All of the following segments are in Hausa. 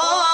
الله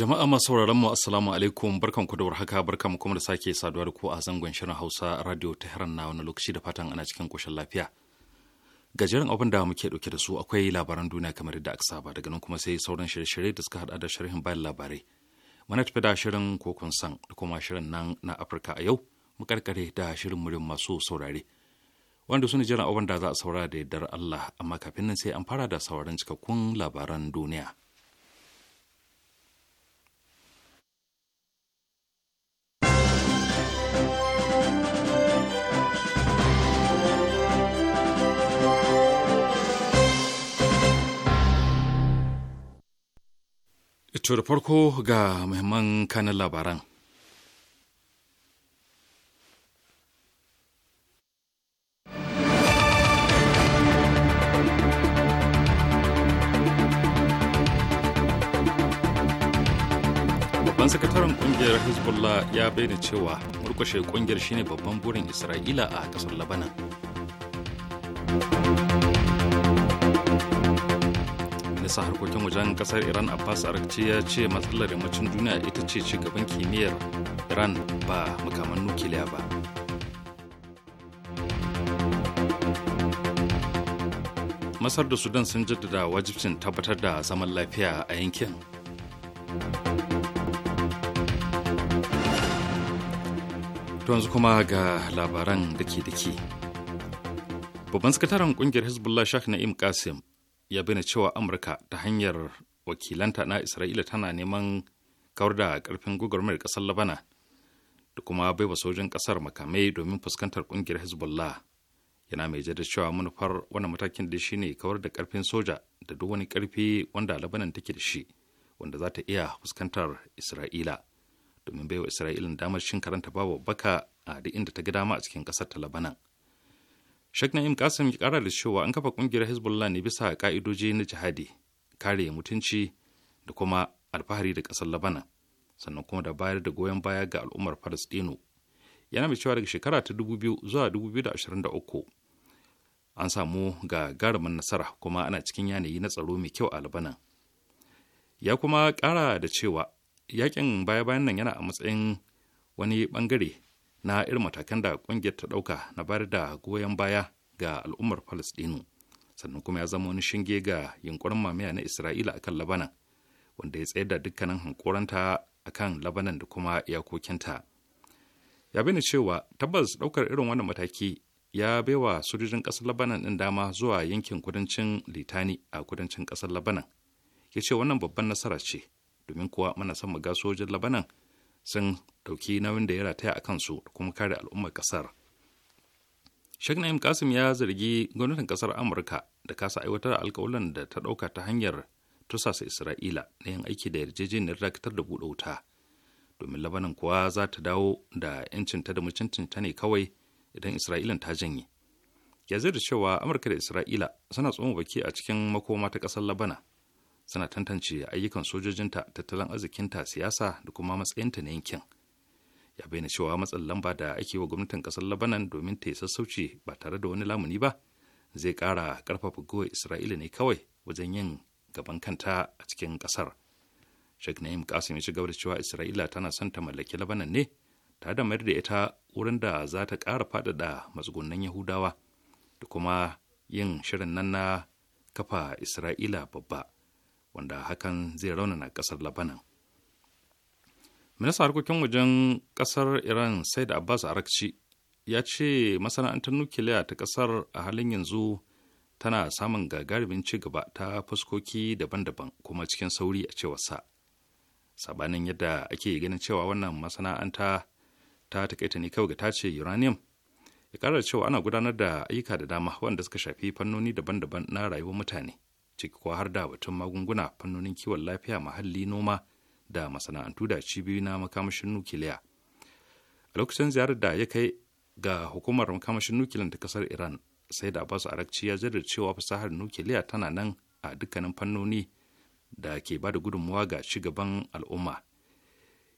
Jama'a masu sauraron mu assalamu alaikum barkan ku da warhaka barkan kuma da sake saduwa da ku a zangon shirin Hausa Radio Tehran na wani lokaci da fatan ana cikin koshin lafiya. Gajeren abin da muke dauke da su akwai labaran duniya kamar yadda aka saba daga nan kuma sai sauran shirye-shirye da suka hada da sharhin bayan labarai. Muna tafi da shirin kokon san da kuma shirin nan na Afirka a yau mu karkare da shirin murin masu saurare. Wanda su ne jiran abin da za a saurara da yardar Allah amma kafin nan sai an fara da sauraron cikakkun labaran duniya. To da farko ga muhimman kanin labaran. babban sakataren kungiyar hezbollah ya bayyana cewa murkushe kungiyar shine babban burin isra'ila a kasar labanan ministan harkokin wajen kasar iran abbas arakci ya ce matsalar yammacin duniya ita ce ci gaban kimiyyar iran ba makaman nukiliya ba masar da sudan sun jaddada wajibcin tabbatar da zaman lafiya a yankin yanzu kuma ga labaran dake-dake babban sakataren kungiyar hezbollah shak na'im kasim ya bayyana cewa amurka ta hanyar wakilanta na isra'ila tana neman kawar da karfin gwagwarmar kasar labana da kuma baiwa sojin kasar makamai domin fuskantar kungiyar hezbollah yana mai jada cewa manufar wannan matakin da shine kawar da karfin soja da duk wani karfi wanda labanan take da shi wanda za ta iya fuskantar isra'ila domin baiwa isra'ila damar shin karanta babu baka a duk inda ta ga dama a cikin kasar ta labanan Sheikh Na'im kasim ya kara da cewa an kafa kungiyar Hezbollah ne bisa ka'idoji na jihadi, kare mutunci da kuma alfahari da kasar Labanan, sannan kuma da bayar da goyon baya ga al'ummar palestino Yana mai cewa daga shekara ta 2000 zuwa 2023 an samu ga garamin nasara kuma ana cikin yanayi na tsaro mai kyau a Labanan. Ya kuma kara da cewa yakin baya-bayan nan yana a matsayin wani bangare na irin matakan da kungiyar ta ɗauka na bayar da goyon baya ga al'ummar Falasɗinu. Sannan kuma ya zama wani shinge ga yunkurin mamaya na Isra'ila akan Labanan, wanda ya tsayar da dukkanin hankoranta akan Labanan da kuma iyakokinta. Ya bani cewa tabbas ɗaukar irin wannan mataki ya baiwa sojojin ƙasar Labanan ɗin dama zuwa yankin kudancin Litani a kudancin kasar Labanan. Ya ce wannan babban nasara ce, domin kuwa muna son mu ga sojojin Labanan sun ɗauki nauyin da ya rataya a kansu da kuma kare al'ummar ƙasar. Sheikh Na'im Kasim ya zargi gwamnatin ƙasar Amurka da kasa aiwatar alkawalan da ta ɗauka ta hanyar tusasa Isra'ila na yin aiki da yarjejeniyar dakatar da buɗe wuta. Domin Labanan kuwa za ta dawo da 'yancinta da mutuncinta ne kawai idan Isra'ilan ta janye. Ya da cewa Amurka da Isra'ila suna tsohon baki a cikin makoma ta ƙasar Labana suna tantance ayyukan sojojinta tattalin arzikinta siyasa da kuma matsayinta na yankin ya bayyana cewa matsin lamba da ake wa gwamnatin kasar labanan domin ta yi sassauci ba tare da wani lamuni ba zai kara karfafa gowa isra'ila ne kawai wajen yin gaban kanta a cikin ƙasar sheikh na'im kasim ya ci gaba da cewa isra'ila tana son ta mallaki labanan ne tare da mayar da ita wurin da za ta kara faɗaɗa matsugunan yahudawa da kuma yin shirin nan na kafa isra'ila babba wanda hakan zai raunana kasar labanan minista harkokin wajen kasar iran said abbas arakci ya ce masana'antar nukiliya ta kasar a halin yanzu tana samun gagarumin ci gaba ta fuskoki daban-daban kuma cikin sauri a cewarsa sabanin yadda ake ganin cewa wannan masana'anta ta takaita ne kawai ga tace uranium ya ƙara cewa ana gudanar da ayyuka da dama wanda suka shafi fannoni daban-daban na rayuwar mutane ciki kuwa har da batun magunguna fannonin kiwon lafiya muhalli noma da masana'antu da cibiyoyi na makamashin nukiliya a lokacin ziyarar da ya kai ga hukumar makamashin nukiliya ta kasar iran sai da basu arakci ya jaddada cewa fasahar nukiliya tana nan a dukkanin fannoni da ke ba da gudunmuwa ga cigaban al'umma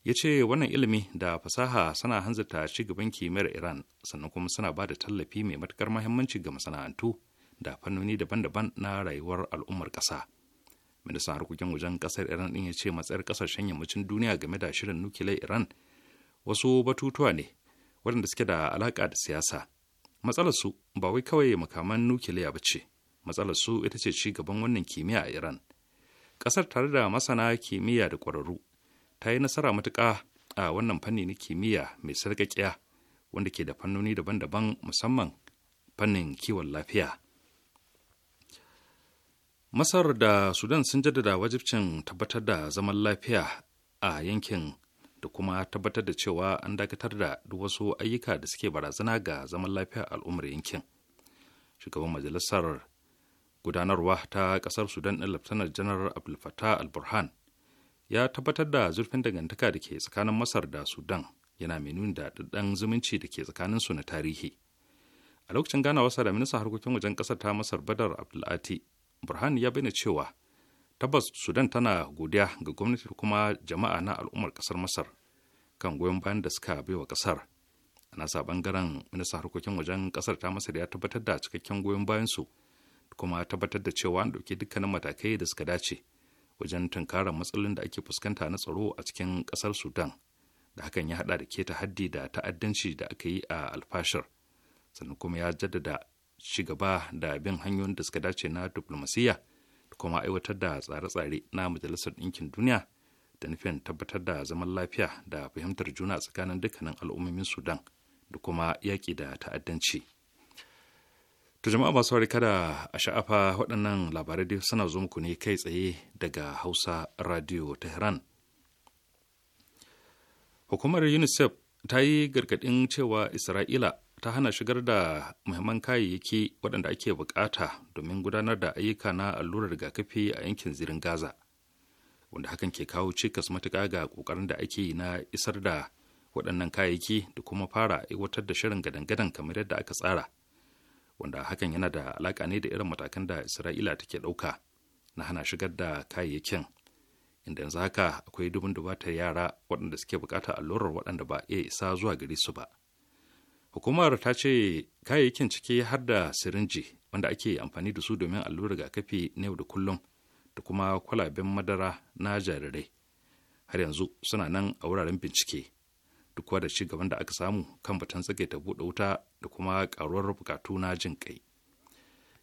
ya ce wannan ilimi da fasaha suna hanzarta gaban kimiyyar iran sannan kuma suna ba da tallafi mai matukar mahimmanci ga masana'antu da fannoni daban-daban na rayuwar al'ummar ƙasa. Ministan harkokin wajen ƙasar Iran din ya ce matsayar ƙasashen yammacin duniya game da shirin nukiliyar Iran wasu batutuwa ne waɗanda suke da alaƙa da siyasa. Matsalar su ba wai kawai makaman nukiliya ba ce, matsalar su ita ce ci gaban wannan kimiyya a Iran. Ƙasar tare da masana kimiyya da ƙwararru ta yi nasara matuƙa a wannan fanni na kimiyya mai sarƙaƙiya wanda ke da fannoni daban-daban musamman fannin kiwon lafiya Masar da Sudan sun jaddada wajibcin tabbatar da zaman lafiya a yankin da kuma tabbatar da cewa an dakatar da duk wasu ayyuka da suke barazana ga zaman lafiya al'ummar yankin. Shugaban majalisar gudanarwa ta kasar Sudan ɗin Laftanar Janar Abdul Fattah al-Burhan ya tabbatar da zurfin dangantaka da ke tsakanin Masar da Sudan yana mai nuni da ɗaɗɗan zumunci da ke tsakanin su na tarihi. A lokacin ganawarsa da ministan harkokin wajen ƙasar ta Masar Badar Abdulati burhani ya bayyana cewa tabbas sudan tana godiya ga gwamnati kuma jama'a na al'ummar kasar masar kan goyon bayan da suka bai wa kasar a nasa bangaren ministan harkokin wajen kasar ta masar ya tabbatar da cikakken goyon bayan su kuma tabbatar da cewa an ɗauki dukkanin matakai da suka dace wajen tunkarar matsalolin da ake fuskanta na tsaro a cikin kasar sudan da hakan ya haɗa da keta haddi da ta'addanci da aka yi a alfashar sannan kuma ya jaddada ci gaba da bin hanyoyin da suka dace na diplomasiyya da kuma aiwatar da tsare-tsare na majalisar ɗinkin duniya da nufin tabbatar da zaman lafiya da fahimtar juna tsakanin dukkanin al'ummomin sudan da kuma yaƙi da ta'addanci to jama'a masu warika kada a sha'afa waɗannan labarai dai suna zo muku ne kai tsaye daga hausa radio tehran hukumar unicef ta yi gargaɗin cewa isra'ila ta hana shigar da muhimman kayayyaki waɗanda ake bukata domin gudanar da ayyuka na allurar rigakafi a yankin zirin gaza wanda hakan ke kawo cikas matuƙa ga ƙoƙarin da ake yi na isar da waɗannan kayayyaki da kuma fara aiwatar da shirin gadangadan gadan kamar yadda aka tsara wanda hakan yana da alaƙa ne da irin matakan da isra'ila take ɗauka na hana shigar da kayayyakin inda yanzu haka akwai dubin dubatar yara waɗanda suke buƙatar allurar waɗanda ba iya isa zuwa gare su ba hukumar ta ce kayayyakin ciki har da sirinji wanda ake amfani da su domin allurar rigakafi na yau da kullum da kuma kwalaben madara na jarirai har yanzu suna nan a wuraren bincike duk da ci gaban da aka samu kan batun tsage ta buɗe wuta da kuma karuwar bukatu na jin kai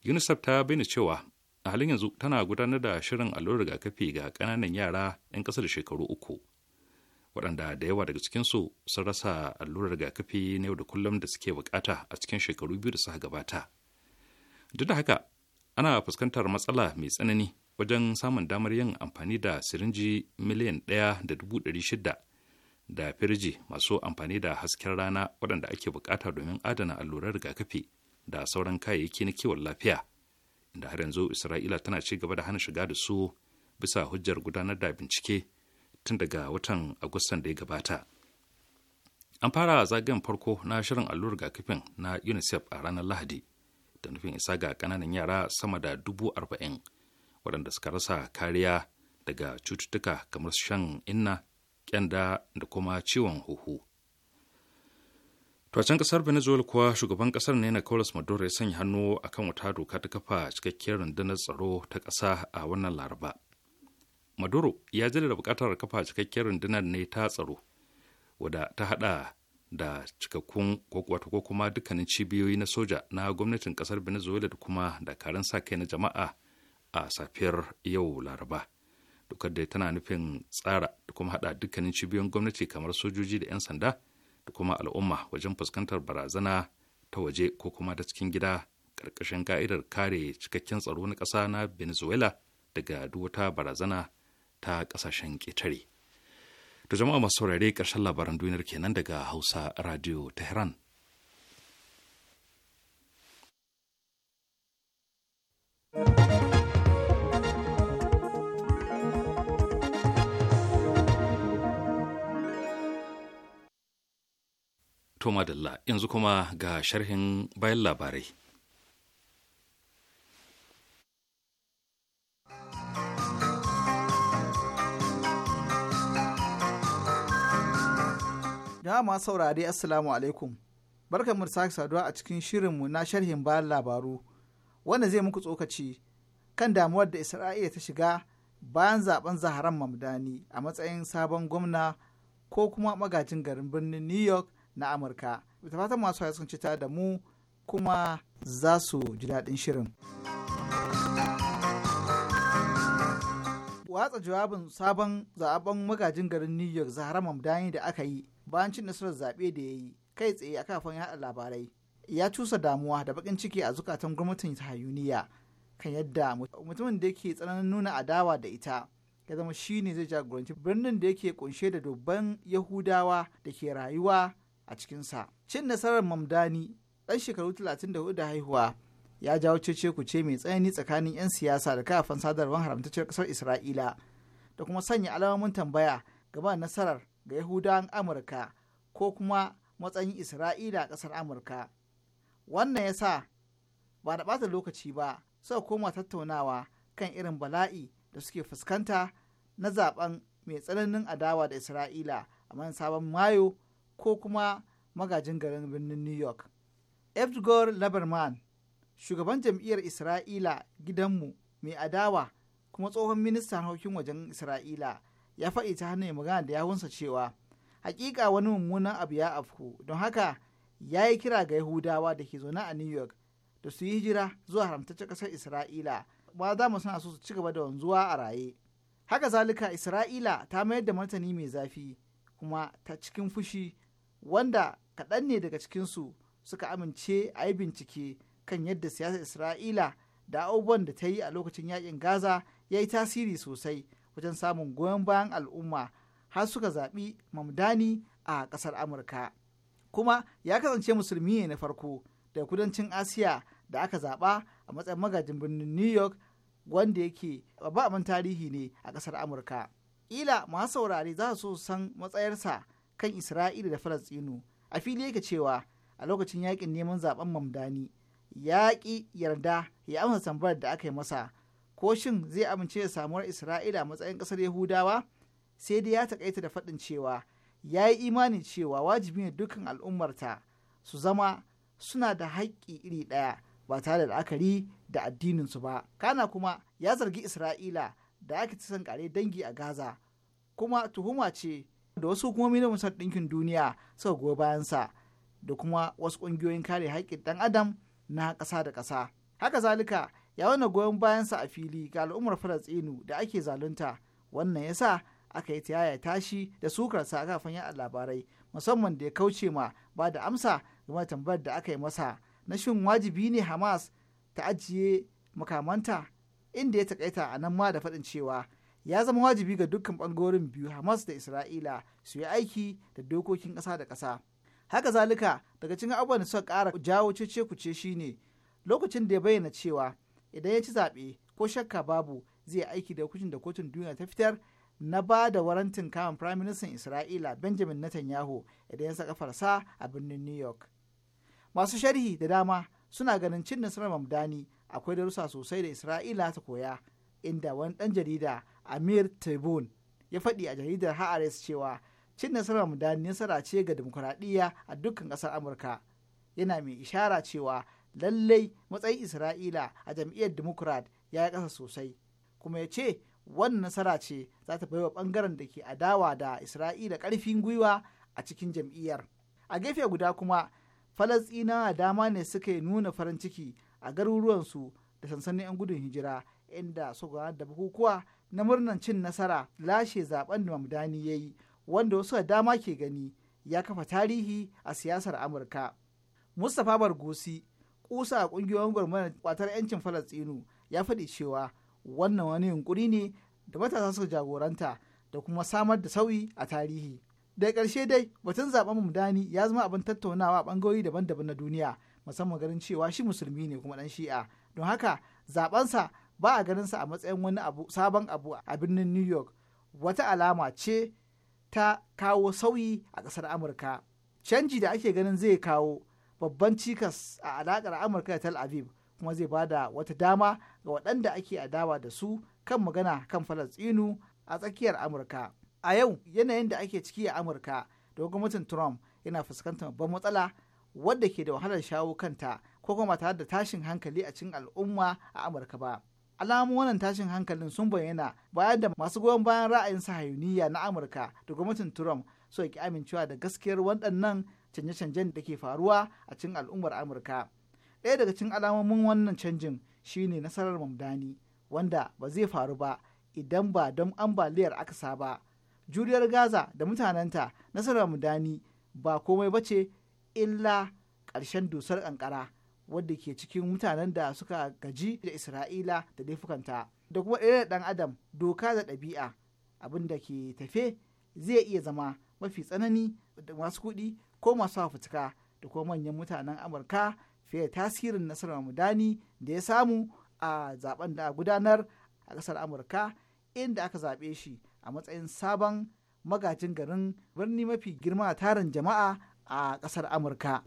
unicef ta bayyana cewa a halin yanzu tana gudanar da shirin allurar rigakafi ga ƙananan yara 'yan ƙasa da shekaru uku waɗanda da yawa daga cikinsu sun rasa allurar rigakafi na yau da kullum da suke bukata a cikin shekaru biyu da suka gabata duk da haka ana fuskantar matsala mai tsanani wajen samun damar yin amfani da sirinji miliyan ɗaya da dubu ɗari shida da firji masu amfani da hasken rana waɗanda ake bukata domin adana allurar rigakafi da sauran kayayyaki na kiwon lafiya inda har yanzu isra'ila tana ci gaba da hana shiga da su bisa hujjar gudanar da bincike tun daga watan agustan da ya gabata an fara zagayen farko na shirin allurar rigakafin na unicef a ranar lahadi da nufin isa ga kananan yara sama da dubu arba'in waɗanda suka rasa kariya daga cututtuka kamar shan inna kyanda da kuma ciwon huhu tocin kasar Venezuela kuwa shugaban kasar ne na carlos Maduro ya sanya hannu akan wata doka ta kafa cikakkiyar rundunar tsaro ta ƙasa a wannan Laraba. maduro ya da bukatar kafa cikakken rundunar ne ta tsaro wadda ta hada da cikakkun wato ko kuma dukkanin cibiyoyi na soja na gwamnatin kasar venezuela da kuma dakarun sa kai na jama'a a safiyar yau laraba dukkan da tana nufin tsara da kuma hada dukkanin cibiyoyin gwamnati kamar sojoji da 'yan sanda da kuma al'umma wajen fuskantar barazana ta waje ko kuma ta cikin gida ƙarƙashin ka'idar kare cikakken tsaro na ƙasa na venezuela daga duk wata barazana ta kasashen ƙetare. Da jama'a masu saurare ƙarshen labaran duniyar kenan daga Hausa Radio Tehran. To madalla yanzu kuma ga sharhin bayan labarai. da masu saurare Assalamu alaikum. Barkan mu da sake saduwa a cikin shirinmu na sharhin bayan labaru wanda zai muku tsokaci kan damuwar da Isra'ila ta shiga bayan zaben Zaharan Mamdani a matsayin sabon gwamna ko kuma magajin garin birnin New York na Amurka. Da fatan masu haya sun cita da mu kuma za su ji daɗin shirin. Watsa jawabin sabon zaben magajin garin New York Zahra Mamdani da aka yi bayan cin nasarar zaɓe da ya yi kai tsaye a kafin yaɗa labarai ya cusa damuwa da bakin ciki a zukatan gwamnatin hayuniya kan yadda mutumin da yake tsananin nuna adawa da ita ya zama shi ne zai jagoranci birnin da yake kunshe da dubban yahudawa da ke rayuwa a cikinsa cin nasarar mamdani ɗan shekaru talatin da da haihuwa ya jawo cece ce mai tsanani tsakanin 'yan siyasa da kafan sadarwar haramtacciyar ƙasar isra'ila da kuma sanya alamomin tambaya gaba nasarar ga Yahudawan Amurka ko kuma matsayin Isra'ila a ƙasar Amurka. Wannan ya sa ba da ɓata lokaci ba suka koma tattaunawa kan irin bala'i da suke fuskanta na zaben mai tsananin adawa da Isra'ila a man sabon Mayo ko kuma magajin garin birnin New York. Edgar Laberman, shugaban jam'iyyar Isra'ila gidanmu mai adawa kuma tsohon ministan harkokin wajen Isra'ila ya faɗi ta hannun magana da yawunsa cewa hakika wani mummunan abu ya afku don haka ya yi kira ga yahudawa da ke zaune a new york da su yi hijira zuwa haramtaccen ƙasar isra'ila ba za mu suna so su ci gaba da wanzuwa a raye haka zalika isra'ila ta mayar da martani mai zafi kuma ta cikin fushi wanda kaɗan ne daga cikinsu suka amince a yi bincike kan yadda siyasar isra'ila da abubuwan da ta yi a lokacin yakin gaza ya yi tasiri sosai wajen samun goyon bayan al'umma har suka zaɓi mamdani a ƙasar amurka kuma ya kasance musulmi ne na farko daga kudancin asiya da aka zaɓa a matsayin magajin birnin new york wanda yake babban tarihi ne a ƙasar amurka ila masu saurare za su san matsayarsa kan isra'ila da falastinu a fili yake cewa a lokacin yaƙin neman zaɓen mamdani yaƙi yarda ya amsa tambayar da aka yi masa ko shin zai amince da samuwar isra'ila matsayin ƙasar yahudawa sai dai ya takaita da faɗin cewa ya yi imanin cewa wajibi ne dukkan al'ummarta su zama suna da haƙƙi iri ɗaya ba tare da la'akari da addininsu ba kana kuma ya zargi isra'ila da ake ta kare dangi a gaza kuma tuhuma ce da wasu hukumomi na musar ɗinkin duniya suka goyi bayansa da kuma wasu ƙungiyoyin kare haƙƙin ɗan adam na ƙasa da ƙasa haka zalika ya wani goyon bayansa a fili ga al'ummar falastinu da ake zalunta wannan ya sa aka yi tiyaya tashi da sukarsa a kafin yaɗa labarai musamman da ya kauce ma ba da amsa game da tambayar da aka yi masa na shin wajibi ne hamas ta ajiye makamanta inda ya takaita a nan ma da faɗin cewa ya zama wajibi ga dukkan ɓangarorin biyu hamas da isra'ila su yi aiki da dokokin ƙasa da ƙasa haka zalika daga cikin abubuwan da suka ƙara jawo cece kuce shine lokacin da ya bayyana cewa idan ya ci zaɓe ko shakka babu zai aiki da hukuncin da kotun duniya ta fitar na ba da warantin kamun firaministan isra'ila benjamin netanyahu idan ya saka farsa a birnin new york masu sharhi da dama suna ganin cin nasarar mamdani akwai darussa sosai da isra'ila ta koya inda wani dan jarida amir tribun ya faɗi a jaridar ha'ares cewa cin nasarar mamdani nasara ce ga demokuraɗiyya a dukkan ƙasar amurka yana mai ishara cewa lallai matsayin isra'ila a jam'iyyar democrat ya yi ƙasa sosai kuma ya ce wannan nasara ce za ta bai wa ɓangaren da ke adawa da isra'ila ƙarfin gwiwa a cikin jam'iyyar a gefe guda kuma a dama ne suka nuna farin ciki a garuruwansu da sansanin 'yan gudun hijira inda suka da bukukuwa na murnar cin nasara lashe zaben da mamdani ya yi wanda wasu da dama ke gani ya kafa tarihi a siyasar amurka mustapha bargosi kusa kungiyoyin gwamnati kwatar 'yancin falastinu ya faɗi cewa wannan wani yunkuri ne da matasa suka jagoranta da kuma samar da sauyi a tarihi daga ƙarshe dai batun zaɓen mudani ya zama abin tattaunawa a ɓangarori daban-daban na duniya musamman ganin cewa shi musulmi ne kuma ɗan shi'a don haka sa ba a sa a matsayin wani abu sabon abu a birnin new york wata alama ce ta kawo sauyi a ƙasar amurka canji da ake ganin zai kawo babban cikas a alakar amurka da tel aviv kuma zai bada wata dama ga waɗanda ake adawa da su kan magana kan falastinu a tsakiyar amurka a yau yanayin da ake ciki a amurka da gwamnatin trump yana fuskantar babban matsala wadda ke da wahalar shawo kanta ko kuma tare da tashin hankali a cikin al'umma a amurka ba alamun wannan tashin hankalin sun bayyana bayan da masu goyon bayan ra'ayin sahayuniya na amurka da gwamnatin trump suka ki amincewa da gaskiyar waɗannan canje-canjen da ke faruwa a cikin al'ummar amurka ɗaya daga cikin alamomin wannan canjin shine nasarar mamdani wanda ba zai faru ba idan ba don ambaliyar akasa ba juriyar gaza da mutanenta nasarar mamdani ba komai ba ce illa ƙarshen dusar ƙanƙara wadda ke cikin mutanen da suka gaji da isra'ila da laifukanta da kuma ɗaya ɗan adam doka da ɗabi'a abin da ke tafe zai iya zama mafi tsanani da masu kuɗi ko masu fafutuka da kuma manyan mutanen amurka fiye da tasirin nasarar mudani da ya samu a zaben da gudanar a ƙasar amurka inda aka zaɓe shi a matsayin sabon magajin garin birni mafi girma tarin jama'a a ƙasar amurka.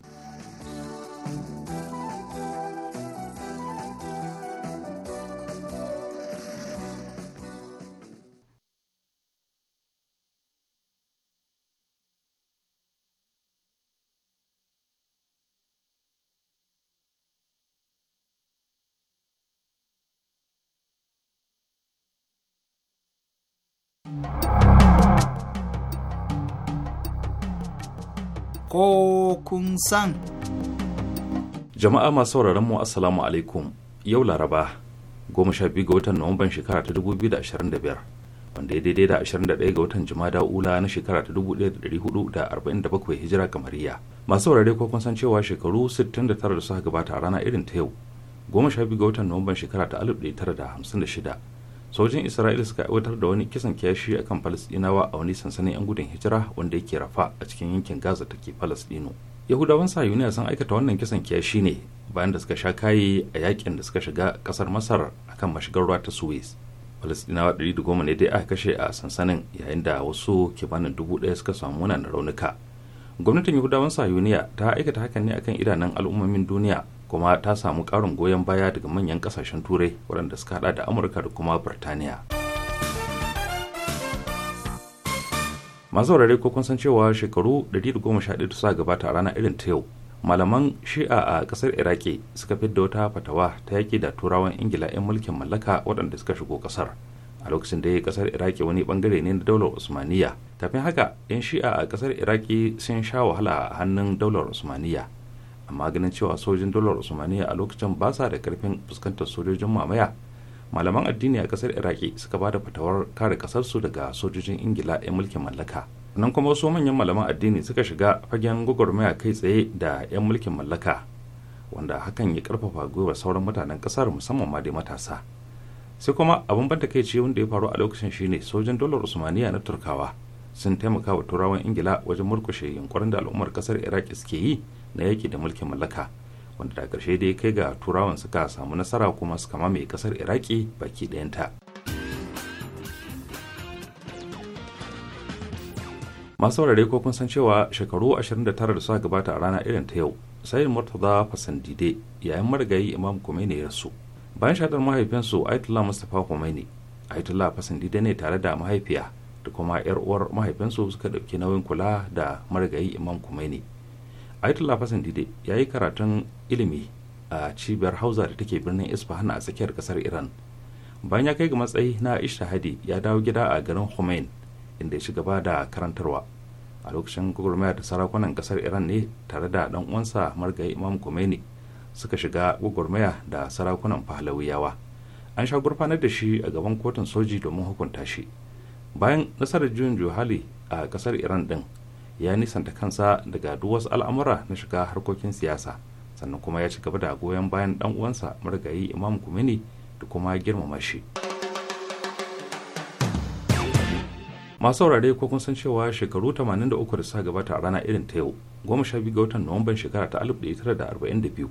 ko kun san. Jama'a masu sauraron mu Assalamu alaikum yau Laraba goma sha biyu ga watan Nuwamban shekara ta dubu biyu da ashirin da biyar wanda ya daidai da ashirin da ɗaya ga watan Jumada Ula na shekara ta dubu ɗaya da ɗari hudu da arba'in da bakwai hijira kamariya. Masu saurare ko kun san cewa shekaru sittin da tara da suka gabata a rana irin ta yau goma sha biyu ga watan Nuwamban shekara ta alif ɗaya tara da hamsin da shida sojin isra'ila suka aiwatar da wani kisan kiyashi akan falasdinawa a wani sansanin yan gudun hijira wanda yake rafa a cikin yankin gaza take falasdino yahudawan sayuniya sun aikata wannan kisan kiyashi ne bayan da suka sha kaye a yakin da suka shiga kasar masar akan mashigar ruwa ta suez falasdinawa 110 ne dai aka kashe a sansanin yayin da wasu kimanin dubu ɗaya suka samu munanan raunuka gwamnatin yahudawan sayuniya ta aikata hakan ne akan idanun al'ummomin duniya kuma ta samu ƙarin goyon baya daga manyan ƙasashen turai waɗanda suka hada da amurka da kuma birtaniya masu wurare ko kun san cewa shekaru 111 da suka gabata a ranar irin ta yau malaman shi'a a ƙasar iraki suka fidda wata fatawa ta yaƙi da turawan ingila 'yan mulkin mallaka waɗanda suka shigo ƙasar a lokacin da ya kasar iraki wani bangare ne na daular usmaniya tafin haka 'yan shi'a a ƙasar iraki sun sha wahala a hannun daular usmaniya amma ganin cewa sojin dolar usmaniya a lokacin ba sa da karfin fuskantar sojojin mamaya malaman addini a kasar iraki suka ba da fatawar kare kasarsu daga sojojin ingila 'yan mulkin mallaka nan kuma wasu manyan malaman addini suka shiga fagen gwagwarmaya kai tsaye da 'yan mulkin mallaka wanda hakan ya karfafa gwiwar sauran mutanen kasar musamman ma dai matasa sai kuma abin ban takaici wanda ya faru a lokacin shine sojin dolar usmaniya na turkawa sun taimaka wa turawan ingila wajen murkushe yunkurin da al'ummar kasar iraki suke yi na yaki da mulkin mallaka wanda da karshe dai kai ga turawan suka samu nasara kuma suka mamaye ƙasar iraki baki ɗayanta masu saurare ko kun san cewa shekaru 29 da suka gabata a rana irin ta yau sayin murtaza fasandide yayin marigayi imam khomeini ya rasu bayan shaɗar mahaifinsu ayatollah mustapha khomeini ayatollah fasandide ne tare da mahaifiya da kuma yar uwar mahaifinsu suka ɗauki nauyin kula da marigayi imam khomeini Aitullah fasin Dide ya yi karatun ilimi a cibiyar Hausa da take birnin Isfahan a tsakiyar kasar Iran. Bayan ya kai ga matsayi na Ishtahadi ya dawo gida a garin Khomein inda ya ci gaba da karantarwa. A lokacin gwagwarmaya da sarakunan kasar Iran ne tare da ɗan uwansa margayi Imam Khomeini suka shiga gwagwarmaya da sarakunan Pahlawiyawa. An sha gurfanar da shi a gaban kotun soji domin hukunta shi. Bayan nasarar juyin Johali a kasar Iran din ya nisanta kansa daga duk wasu al'amura na shiga harkokin siyasa sannan kuma ya ci gaba da goyon bayan dan uwansa marigayi imam kumini da kuma girmama shi masu saurare ko kun san cewa shekaru 83 da suka gabata a rana irin ta yau goma sha biyu ga watan nuwamban shekara ta 1942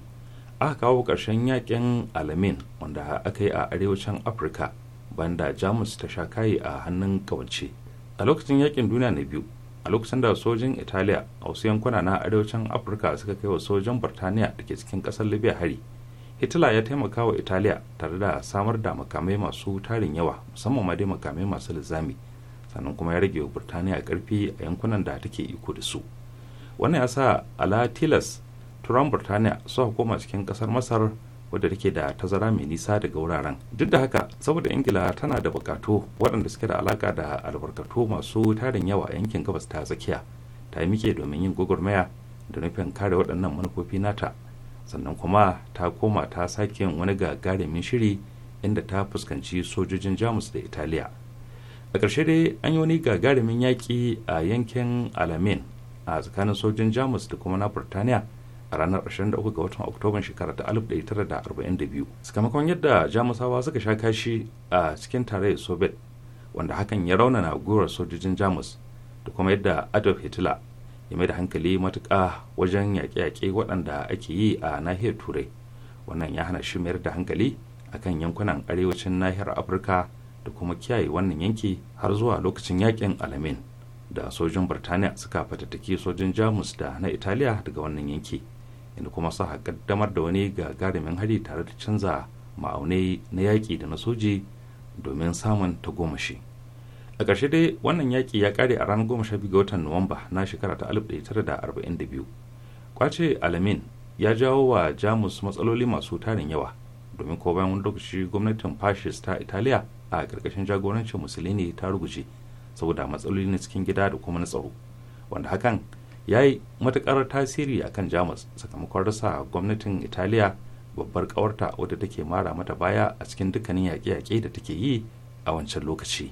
aka kawo karshen yakin alamin wanda aka yi a arewacin afirka banda jamus ta sha kayi a hannun kawance a lokacin yakin duniya na biyu a lokacin da sojin italiya a wasu yankuna na arewacin afirka suka kai wa sojin burtaniya da ke cikin kasar libya hari hitler ya taimaka wa italiya tare da samar da makamai masu tarin yawa musamman ma dai makamai masu lizami sannan kuma ya rage wa burtaniya karfi a yankunan da take iko da su wannan ya sa ala tilas turan burtaniya su koma cikin kasar masar wadda take da tazara mai nisa daga wuraren duk da haka saboda ingila tana da bukatu waɗanda suke da alaka da albarkatu masu tarin yawa a yankin gabas ta tsakiya ta yi mike domin yin gwagwarmaya da nufin kare waɗannan manufofi nata sannan kuma ta koma ta sake wani gagarumin shiri inda ta fuskanci sojojin jamus da italiya a ƙarshe dai an yi wani gagarumin yaƙi a yankin alamin a tsakanin sojin jamus da kuma na burtaniya a ranar 23 ga watan oktoban shekarar ta 1942 sakamakon yadda jamusawa suka sha kashi a cikin tarayyar soviet wanda hakan ya rauna na gurar sojojin jamus da kuma yadda adolf hitler ya mai da hankali matuƙa wajen yaƙe-yaƙe waɗanda ake yi a nahiyar turai wannan ya hana shi mayar da hankali a kan yankunan arewacin nahiyar afirka da kuma kiyaye wannan yanki har zuwa lokacin yaƙin alamin da sojin birtaniya suka fatattaki sojin jamus da na italiya daga wannan yanki inda kuma su kaddamar da wani gagarumin hari tare da canza ma'aunai na yaƙi da na soji domin samun ta tagomashi a ƙarshe dai wannan yaƙi ya ƙare a ranar goma sha biyu ga watan nuwamba na shekara ta da biyu kwace alamin ya jawo wa jamus matsaloli masu tarin yawa domin ko bayan wani lokaci gwamnatin fashis ta italiya a ƙarƙashin jagorancin musulini ta ruguje saboda matsaloli na cikin gida da kuma na tsaro wanda hakan ya yi matuƙar tasiri a kan jamus sakamakon rasa gwamnatin italiya babbar ƙawarta wadda take mara mata baya a cikin dukkanin yaƙe-yaƙe da take yi a wancan lokaci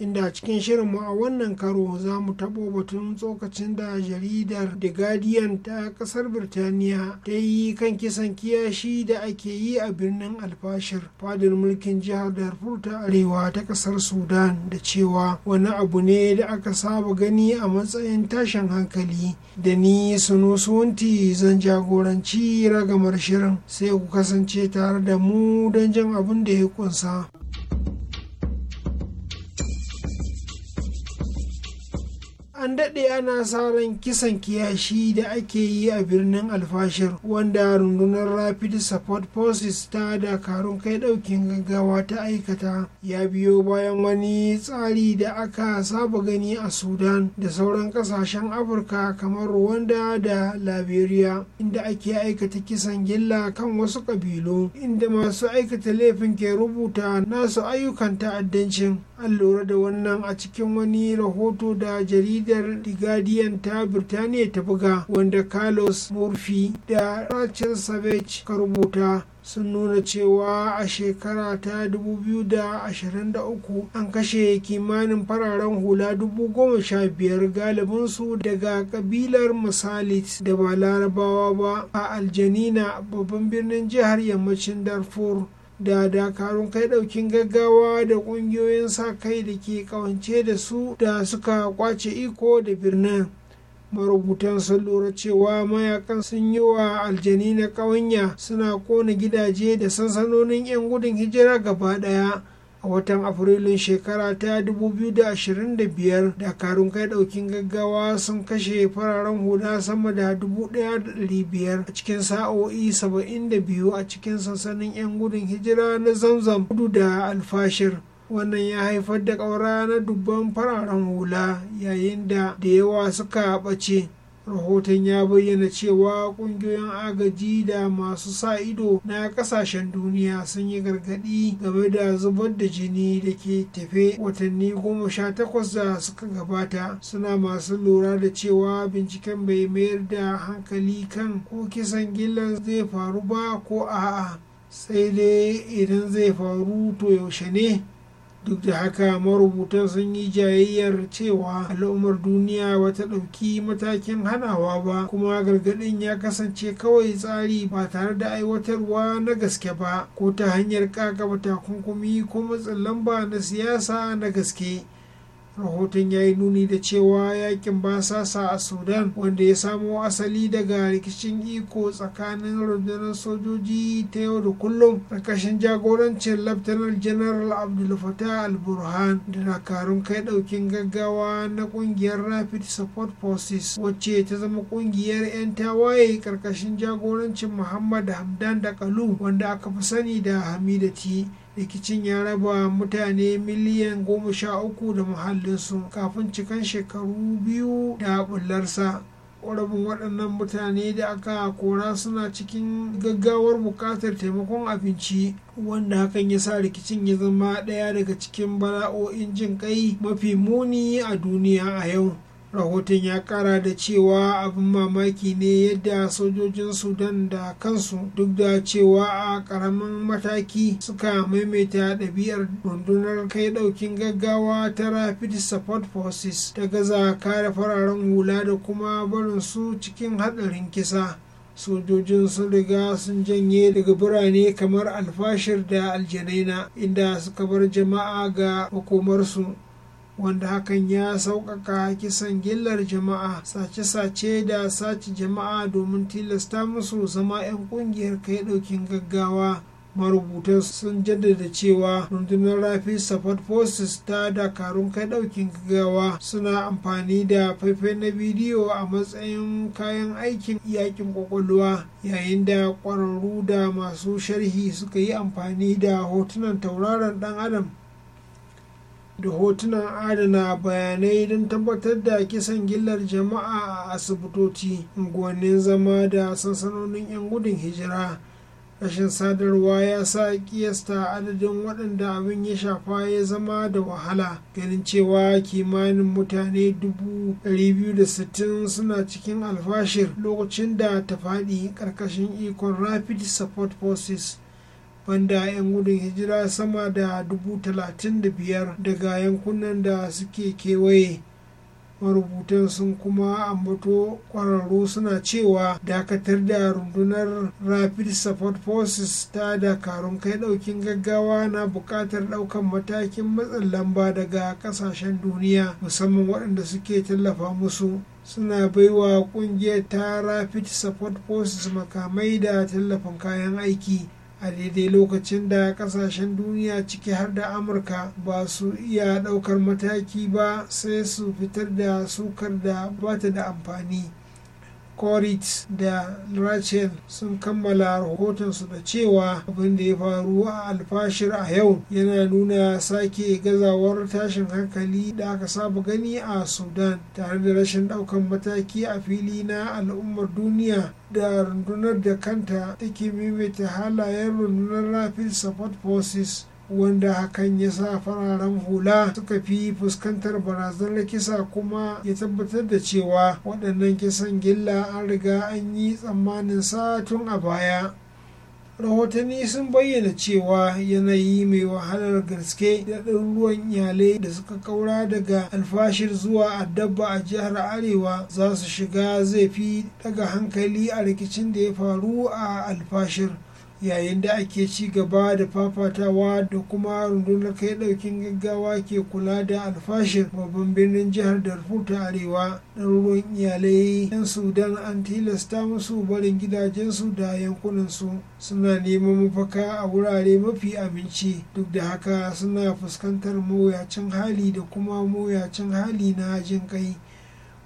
inda a cikin shirin mu a wannan karo za mu taɓo batun tsokacin da jaridar the guardian ta ƙasar birtaniya ta yi kan kisan kiyashi da ake yi a birnin alfashir fadar mulkin jihar darfur ta arewa ta ƙasar sudan da cewa wani abu ne da aka saba gani a matsayin tashin hankali da ni suno sunti zan jagoranci ragamar shirin sai ku kasance tare da mu don jin abin da ya kunsa. an daɗe ana sa ran kisan kiyashi da ake yi a birnin alfashir wanda rundunar rapid support forces ta dakarun kai ɗaukin gaggawa ta aikata ya biyo bayan wani tsari da aka saba gani a sudan da sauran ƙasashen afirka kamar rwanda da liberia inda ake aikata kisan gilla kan wasu ƙabilu inda masu aikata laifin ke rubuta nasu ayyukan ta'addancin an lura da wannan a cikin wani rahoto da jarida jaridar the guardian ta birtaniya ta buga wanda carlos murphy da rachel savage ka rubuta sun nuna cewa a shekara ta 2023 an kashe kimanin fararen hula 15,000 galibinsu daga kabilar misalit da ba larabawa ba a aljanina babban birnin jihar yammacin darfur da dakarun kai daukin gaggawa da kungiyoyin sa kai da ke kawance da su da suka kwace iko da birnin marubutan sun lura cewa mayakan sun yi wa aljani na ƙawanya suna kona gidaje da sansanonin 'yan gudun hijira gaba ɗaya a watan afrilun shekara ta 2025 dakarun kai daukin gaggawa sun kashe fararen hula sama da 1,500 a cikin sa'o'i 72 a cikin sansanin 'yan gudun hijira na zamzam kudu da alfashir wannan ya haifar da ƙaura na dubban fararen hula yayin da da yawa suka ɓace rahoton ya bayyana cewa kungiyoyin agaji da masu sa ido na kasashen duniya sun yi gargadi game da zubar da jini da ke tafe watanni goma sha takwas da suka gabata suna masu lura da cewa binciken bai mayar da hankali kan ko kisan gillan zai faru ba ko a'a sai dai idan zai faru to yaushe ne duk da haka marubutan sun yi jayayyar cewa al'ummar duniya ba ta ɗauki matakin hanawa ba kuma gargaɗin ya kasance kawai tsari ba tare da aiwatarwa na gaske ba ko ta hanyar kakaba takunkumi ko matsin lamba na siyasa na gaske rahoton ya yi nuni da cewa yakin basasa a sudan wanda ya samo asali daga rikicin iko tsakanin rundunar sojoji ta yau da kullum ƙarƙashin jagorancin laftanar general abdul fatah al-burhan da dakarun kai ɗaukin gaggawa na ƙungiyar rapid support forces wacce ta zama ƙungiyar 'yan tawaye ƙarƙashin jagorancin muhammad hamdan da kalu wanda aka fi sani da hamidati rikicin ya raba mutane miliyan goma sha uku da muhallinsu kafin cikan shekaru biyu da bullarsa rabin waɗannan mutane da aka kora suna cikin gaggawar buƙatar taimakon abinci wanda hakan ya sa rikicin ya zama ɗaya daga cikin bala'o'in jin ƙai mafi muni a duniya a yau rahoton ya kara da cewa abin mamaki ne yadda sojojin sudan da kansu duk da cewa a karamin mataki suka maimaita ɗabi'ar rundunar kai ɗaukin gaggawa ta rapid support forces ta gaza kare fararen hula da kuma barin su cikin haɗarin kisa sojojin sun riga sun janye daga birane kamar alfashir da aljanaina inda suka bar jama'a ga hukumarsu wanda hakan ya sauƙaƙa kisan gillar jama'a sace-sace da sace jama'a domin tilasta musu zama 'yan ƙungiyar kai ɗaukin gaggawa marubutan sun jaddada cewa rundunar rafi support forces ta dakarun kai ɗaukin gaggawa suna amfani da faifai na bidiyo a matsayin kayan aikin yakin kwakwalwa yayin da kwararru da masu sharhi suka yi amfani da hotunan tauraron ɗan adam da hotunan adana bayanai don tabbatar da kisan gillar jama'a a asibitoci unguwannin zama da sansanonin 'yan gudun hijira rashin sadarwa ya sa kiyasta adadin waɗanda abin ya shafa ya zama da wahala ganin cewa kimanin mutane 260 suna cikin alfashir lokacin da ta faɗi ƙarƙashin ikon rapid support forces wanda 'yan gudun hijira sama da dubu talatin da biyar daga yankunan da suke kewaye marubutan sun kuma ambato kwararru suna cewa dakatar da rundunar rapid support forces ta dakarun kai daukin gaggawa na bukatar daukan matakin matsin lamba daga kasashen duniya musamman waɗanda suke tallafa musu suna baiwa kungiyar ta rapid support forces makamai da tallafin kayan aiki a daidai lokacin da kasashen duniya ciki har da amurka ba su iya daukar mataki ba sai su fitar da sukar da bata da amfani Koritz da Rachel sun kammala rahotonsu da cewa abin da ya faru a alfashir a yau yana nuna sake gazawar tashin hankali da aka saba gani a Sudan tare da rashin ɗaukan mataki a fili na al'ummar duniya da rundunar da kanta take mimita halayen rundunar Rapid Support Forces wanda hakan ya sa fararen hula suka fi fuskantar barazanar kisa kuma ya tabbatar da cewa waɗannan kisan gilla an riga an yi tsammanin sa tun a baya rahotanni sun bayyana cewa yanayi mai wahalar gaske da ɗaruruwan iyalai da suka kaura daga alfashir zuwa addabba a jihar arewa za su shiga zai fi daga hankali a rikicin da ya faru a alfashir yayin da ake ci gaba da fafatawa da kuma rundunar kai daukin gaggawa ke kula da alfashin babban birnin jihar darfur ta arewa ɗaruruwan iyalai 'yan sudan an tilasta musu barin gidajensu da yankunansu suna neman mafaka a wurare mafi aminci duk da haka suna fuskantar mawuyacin hali da kuma mawuyacin hali na jin kai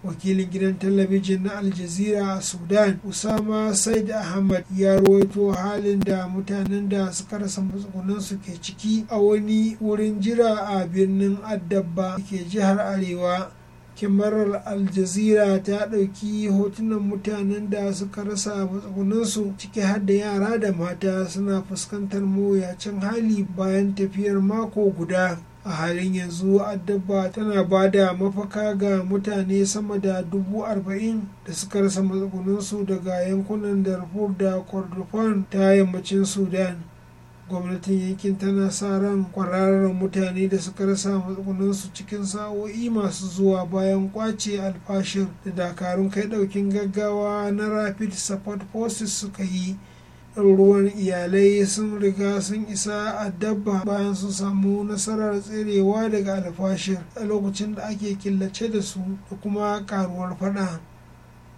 wakilin gidan talabijin na aljazira a sudan usama said ahmad ya rawaito halin da mutanen da suka rasa matsugunansu ke ciki a wani wurin jira a birnin addabba ke jihar arewa kimarar aljazira ta ɗauki hotunan mutanen da suka rasa matsugunansu ciki har da yara da mata suna fuskantar mawuyacin hali bayan tafiyar mako guda a halin yanzu addabba tana ba da mafaka ga mutane sama da dubu arba'in da suka rasa matsugunansu daga yankunan darfur da kordofan ta yammacin sudan gwamnatin yankin tana sa ran kwararren mutane da suka rasa matsugunansu cikin sa'o'i masu zuwa bayan kwace alfashin da dakarun kai daukin gaggawa na rapid support forces suka yi ɗaruruwan iyalai sun riga sun isa a dabba bayan sun samu nasarar tserewa daga alfashir a lokacin da ake killace da su da kuma karuwar fada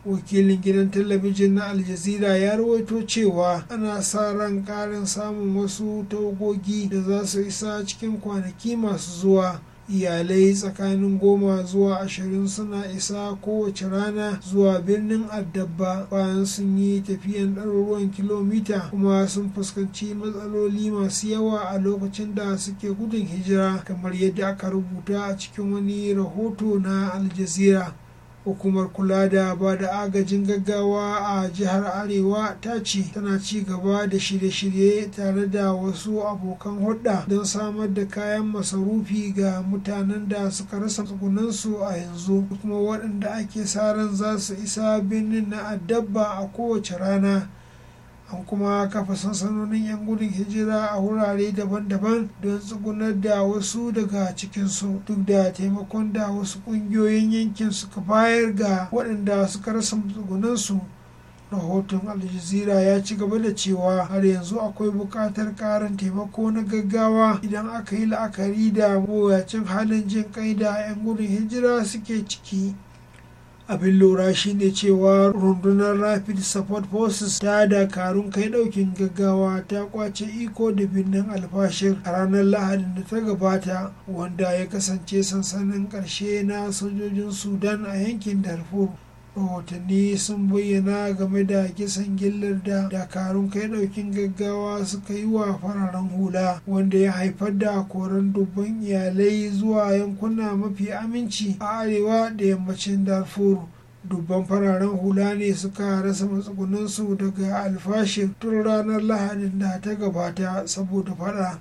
wakilin gidan talabijin na aljazira ya rawaito cewa ana sa ran karin samun wasu tagogi da za su isa cikin kwanaki masu zuwa iyalai tsakanin goma zuwa ashirin suna isa kowace rana zuwa birnin addabba bayan sun yi tafiyan ɗaruruwan kilomita kuma sun fuskanci matsaloli masu yawa a lokacin da suke gudun hijira kamar yadda aka rubuta a cikin wani rahoto na aljazeera hukumar kula da ba da agajin gaggawa a jihar arewa ta ce tana ci gaba da shirye-shirye tare da wasu abokan hulɗa don samar da kayan masarufi ga mutanen da suka rasa tsugunansu a yanzu kuma waɗanda ake sa ran za su isa birnin na addabba a kowace rana an kuma kafa sansanonin 'yan gudun hijira a wurare daban-daban don tsugunar da wasu daga cikinsu duk da taimakon da wasu ƙungiyoyin yankin suka bayar ga waɗanda suka rasa tsugunansu rahoton aljazira ya ci gaba da cewa har yanzu akwai buƙatar ƙarin taimako na gaggawa idan aka yi la'akari da mawuyacin halin jin kai da 'yan gudun hijira suke ciki abin lura shine cewa rundunar rapid support forces ta dakarun kai daukin gaggawa ta kwace iko da birnin alfashir a ranar lahadin da ta gabata wanda ya kasance sansanin karshe na sojojin sudan a yankin darfur rahotanni sun bayyana game da kisan gillar da dakarun kai daukin gaggawa suka yi wa fararen hula wanda ya haifar da koran dubban iyalai zuwa yankuna mafi aminci a arewa da yammacin darfur dubban fararen hula ne suka rasa matsugunansu daga alfashin tun ranar lahadin da ta gabata saboda fada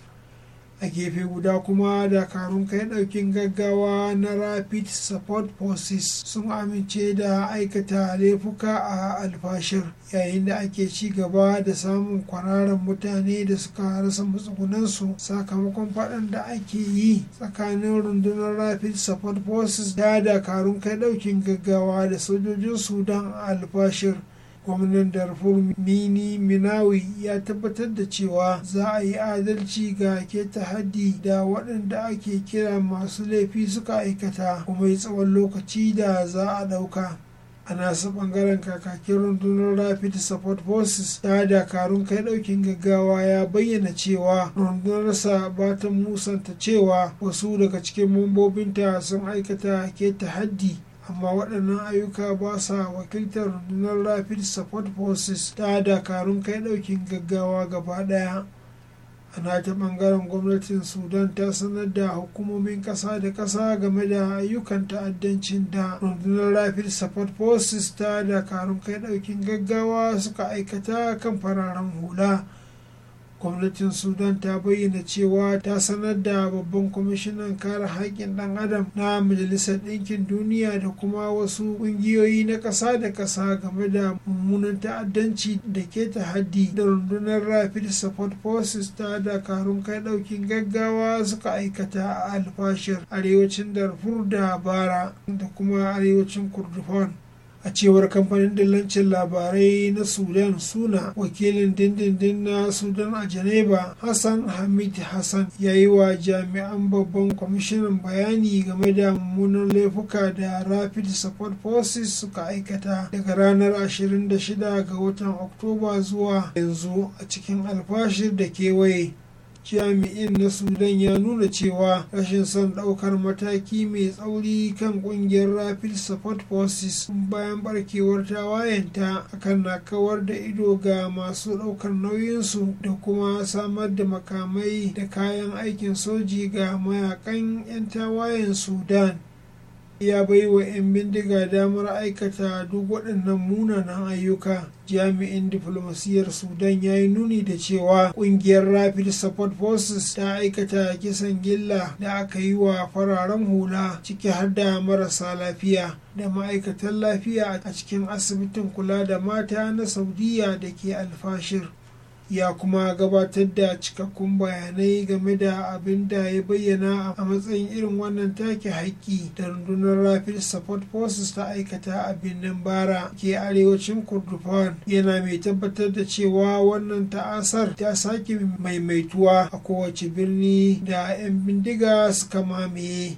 a gefe guda kuma dakarun kai daukin gaggawa na rapid support forces sun amince da aikata laifuka a alfashir yayin da ake ci gaba da samun kwararan mutane da suka rasa matsugunansu sakamakon faɗan da ake yi tsakanin rundunar rapid support forces da dakarun kai daukin gaggawa da sojojin sudan alfashir gwamnan darfur mini minawi ya tabbatar da cewa za a yi adalci ga keta haddi da waɗanda ake kira masu laifi suka aikata kuma yi tsawon lokaci da za a ɗauka a nasu ɓangaren kakakin rundunar rapid support forces ta dakarun kai ɗaukin gaggawa ya bayyana cewa rundunarsa ba ta musanta cewa wasu daga cikin mambobinta sun aikata ke haddi. amma waɗannan ayyuka ba sa wakiltar rundunar rapid support forces ta dakarun kai ɗaukin gaggawa gaba ɗaya a ta ɓangaren gwamnatin sudan ta sanar da hukumomin ƙasa da ƙasa game da ayyukan ta'addancin da rundunar rapid support forces ta dakarun kai ɗaukin gaggawa suka aikata kan fararen hula. gwamnatin sudan ta bayyana cewa ta sanar da babban kwamishinan kare haƙƙin ɗan adam na majalisar ɗinkin duniya da kuma wasu ƙungiyoyi na ƙasa da ƙasa game da mummunan ta'addanci da ke ta haddi da rundunar rapid support forces ta dakarun kai ɗaukin gaggawa suka aikata a alfashir arewacin darfur da bara da kuma arewacin kurdufan a cewar kamfanin dillancin labarai na sudan suna wakilin dindindin na sudan a geneva hassan hamid hassan ya yi wa jami'an babban kwamishinan bayani game da mummunan laifuka da rapid support forces suka aikata daga ranar 26 ga watan oktoba zuwa yanzu a cikin alfashir da kewaye jami'in na sudan ya nuna cewa rashin son daukar mataki mai tsauri kan kungiyar rapid support forces bayan barkewar tawayenta akan na kawar da ido ga masu daukar nauyinsu da kuma samar da makamai da kayan aikin soji ga mayakan 'yan tawayen sudan ya bai wa 'yan bindiga damar aikata duk waɗannan munanan ayyuka jami'in diflomasiyyar sudan ya yi nuni da cewa ƙungiyar rapid support forces ta aikata kisan gilla da aka yi wa fararen hula ciki har da marasa lafiya da ma'aikatan lafiya a cikin asibitin kula da mata na saudiya da ke alfashir ya kuma gabatar da cikakkun bayanai game da abin da ya bayyana a matsayin irin wannan take haƙƙi da rundunar rapid support forces ta aikata a birnin bara ke arewacin kurdufan yana mai tabbatar da cewa wannan ta'asar ta sake maimaituwa a kowace birni da 'yan bindiga suka mamaye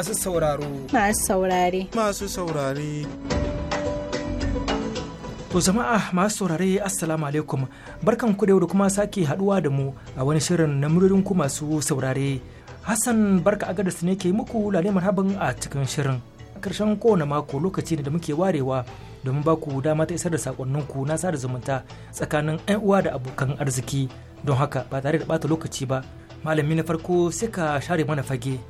masu sauraro. Masu saurare. Masu saurare. To jama'a masu saurare assalamu alaikum barkan ku da yau da kuma sake haduwa da mu a wani shirin na ku masu saurare. Hassan barka agadas ne ke muku lalle marhaban a cikin shirin. karshen kowane mako lokaci ne da muke warewa domin ba ku dama ta isar da sakonnin ku na sada zumunta tsakanin 'yan uwa da abokan arziki don haka ba tare da bata lokaci ba malami na farko sai ka share mana fage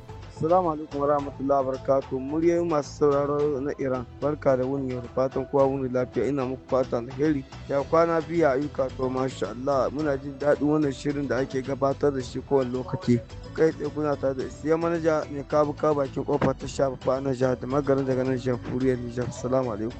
Assalamu alaikum wa rahmatullahi wa barakatuh. Muryoyin masu sauraro na Iran. Barka da wuni yau fatan kowa wuni lafiya ina muku fata alheri. Ya kwana biya ayyuka to masha Allah muna jin daɗin wannan shirin da ake gabatar da shi kowane lokaci. Kai tsaye kuna ta da siya manaja mai kabu bakin kofar ta shafa na jihar da magana daga nan jamhuriyar Nijar. Assalamu alaikum.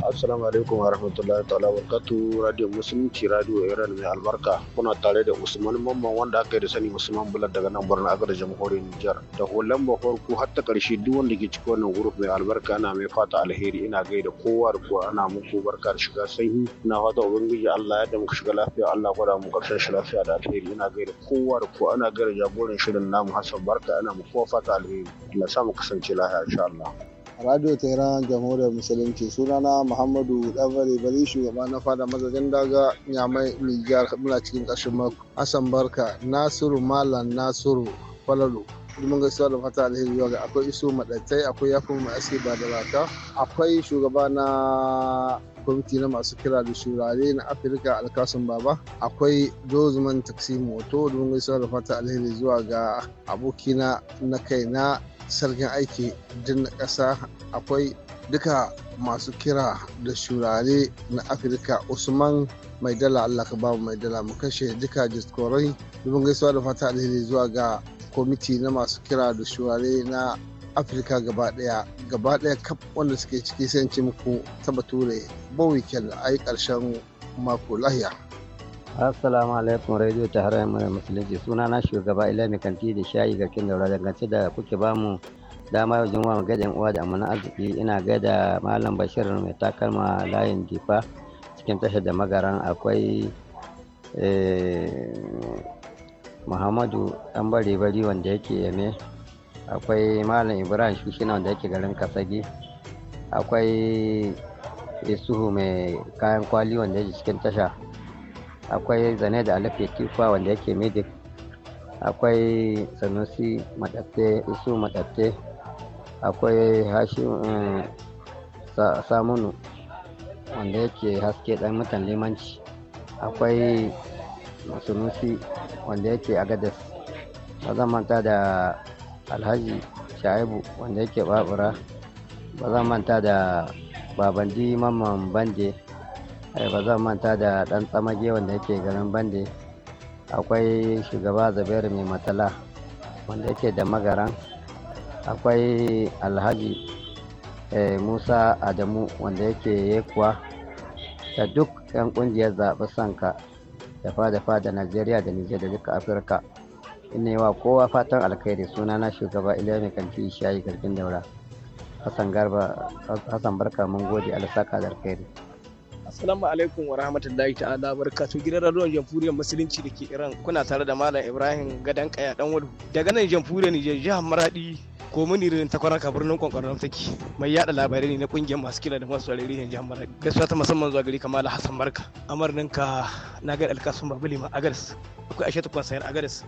Assalamu alaikum wa rahmatullahi ta'ala wa Radio Musulunci Radio Iran mai albarka. Kuna tare da Usman Mamman wanda aka yi da sani Usman Bulat daga nan Borno da Jamhuriyar Nijar. Da holan ba farko har ta karshe duk wanda ke cikin wannan grup mai albarka ana mai fata alheri ina gaida kowa da kowa ana muku barka da shiga sanyi. Ina fata ubangiji Allah ya da muku shiga lafiya Allah gwada mu karshen shi lafiya da alheri ina gaida kowa da kowa ana gaida jagoran shirin namu Hassan Barka ana muku fata alheri. Allah sa mu kasance lafiya insha Allah. Radio Tehran Jamhuriyar Musulunci sunana Muhammadu Dabari Bari shugaba na fada mazajen daga Nyamai Nijar muna cikin ƙarshen mako. Hassan Barka Nasiru Malam Nasiru Falalu. domin gaisuwa da fata alheri yau akwai iso maɗatai akwai yafin mai aski ba da raka akwai shugaba na kwamiti na masu kira da shurare na afirka alkasun baba akwai dozman taksi moto domin gaisuwa da fata alheri zuwa ga abokina na kaina sarkin aiki din ƙasa akwai duka masu kira da shurare na afirka usman mai dala allah ka babu mai dala mu kashe duka jiskorai dubin gaisuwa da fata alheri zuwa ga kwamiti na masu kira da shurare na afirka gaba daya gaba daya kaf wanda suke ciki sai muku ta bature bawiken a yi karshen mako lahiya Assalamu alaikum Radio Tahrir Mura Musulunci suna na shugaba Ilami Kanti da Shayi kin Daura dangance da kuke bamu dama yau jin mu gaida uwa da amana arziki ina gaida Malam Bashir mai takalma layin difa cikin tashar da magaran akwai eh, Muhammadu dan bari bari wanda yake yame akwai Malam Ibrahim Shushina wanda yake garin Kasagi akwai Isuhu mai kayan kwali wanda yake cikin tasha akwai zane da alafi kifa wanda yake medic akwai sanusi madatte isu madatte akwai hashi eh, samunu wanda yake haske dan mutan limanci akwai sanusi wanda yake agadas ba zan manta da alhaji shaibu wanda yake babura ba zan manta da babandi mamman bande Eh, ba zan manta da ɗan tsamage wanda yake garin bande akwai shugaba zabairu mai matala wanda yake da magaran akwai alhaji eh, musa adamu wanda yake yekuwa da duk 'yan kungiyar zaɓi sanka da fada da najeriya da nijar da duka afirka ina yi kowa fatan alkhairi suna na shugaba mai kanti shayi garkin daura hassan garba hassan barka mun gode alisaka da alkhairi Assalamu alaikum wa rahmatullahi ta'ala barkatu gidan radon jamhuriyar musulunci da ke Iran kuna tare da Malam Ibrahim Gadan Kaya dan wadu daga nan jamhuriyar Nijar jihar Maradi ko muni rin ta kwararka birnin kwankwaron take mai yada labarai ne na kungiyar masu kila da masu rarrari ne jihar Maradi gaisuwa ta musamman zuwa gari kamar Hassan Barka amarnin ka na ga alkasun babuli ma agaris akwai Aishatu Kwansayar agaris